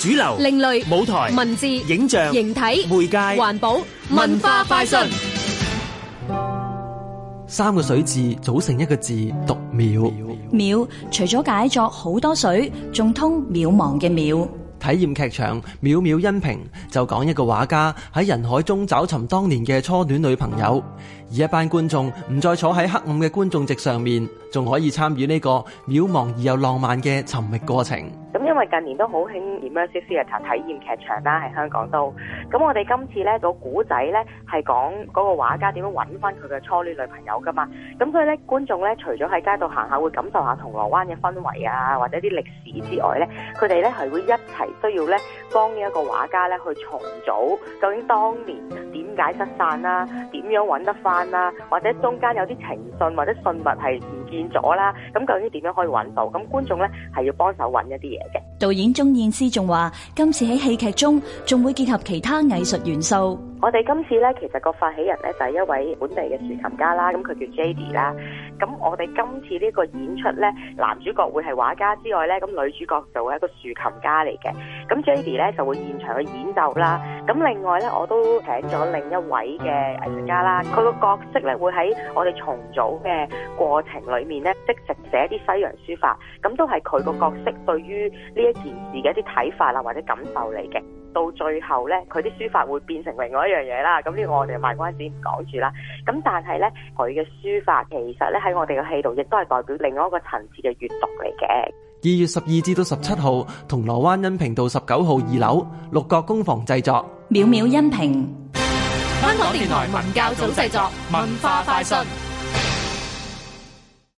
主流、另類、舞台、文字、影像、形體、媒介、環保、文化快訊。三個水字組成一個字，讀淼。淼除咗解作好多水，仲通渺茫嘅渺。體驗劇場，淼淼恩平就講一個畫家喺人海中找尋當年嘅初戀女朋友。而一班觀眾唔再坐喺黑暗嘅觀眾席上面，仲可以參與呢個渺茫而又浪漫嘅尋覓過程。咁因為近年都好興 immersive theatre 體驗劇場啦，喺香港都。咁我哋今次咧個古仔咧係講個畫家點樣揾翻佢嘅初戀女朋友㗎嘛。咁所以咧觀眾咧除咗喺街度行下會感受下銅鑼灣嘅氛圍啊，或者啲歷史之外咧，佢哋咧係會一齊需要咧幫呢一個畫家咧去重組究竟當年點解失散啦，點樣揾得翻。啦，或者中間有啲情信或者信物係唔見咗啦，咁究竟點樣可以揾到？咁觀眾咧係要幫手揾一啲嘢嘅。導演鐘燕詩仲話：今次喺戲劇中仲會結合其他藝術元素。我哋今次咧，其實個發起人咧就係一位本地嘅豎琴家啦。咁佢叫 Jady 啦。咁我哋今次呢個演出咧，男主角會係畫家之外咧，咁女主角就係一個豎琴家嚟嘅。咁 Jady 咧就會現場去演奏啦。咁另外咧，我都請咗另一位嘅藝術家啦。佢個角色咧會喺我哋重組嘅過程裡面咧，即席寫啲西洋書法。咁都係佢個角色對於呢。一件事嘅一啲睇法啦，或者感受嚟嘅，到最後咧，佢啲書法會變成另外一樣嘢啦。咁呢個我哋賣關子唔講住啦。咁但係咧，佢嘅書法其實咧喺我哋嘅戲度，亦都係代表另外一個層次嘅閱讀嚟嘅。二月十二至到十七號，銅鑼灣恩平道十九號二樓，六角工房製作，淼淼恩平，香港電台文教組製作，文化快訊。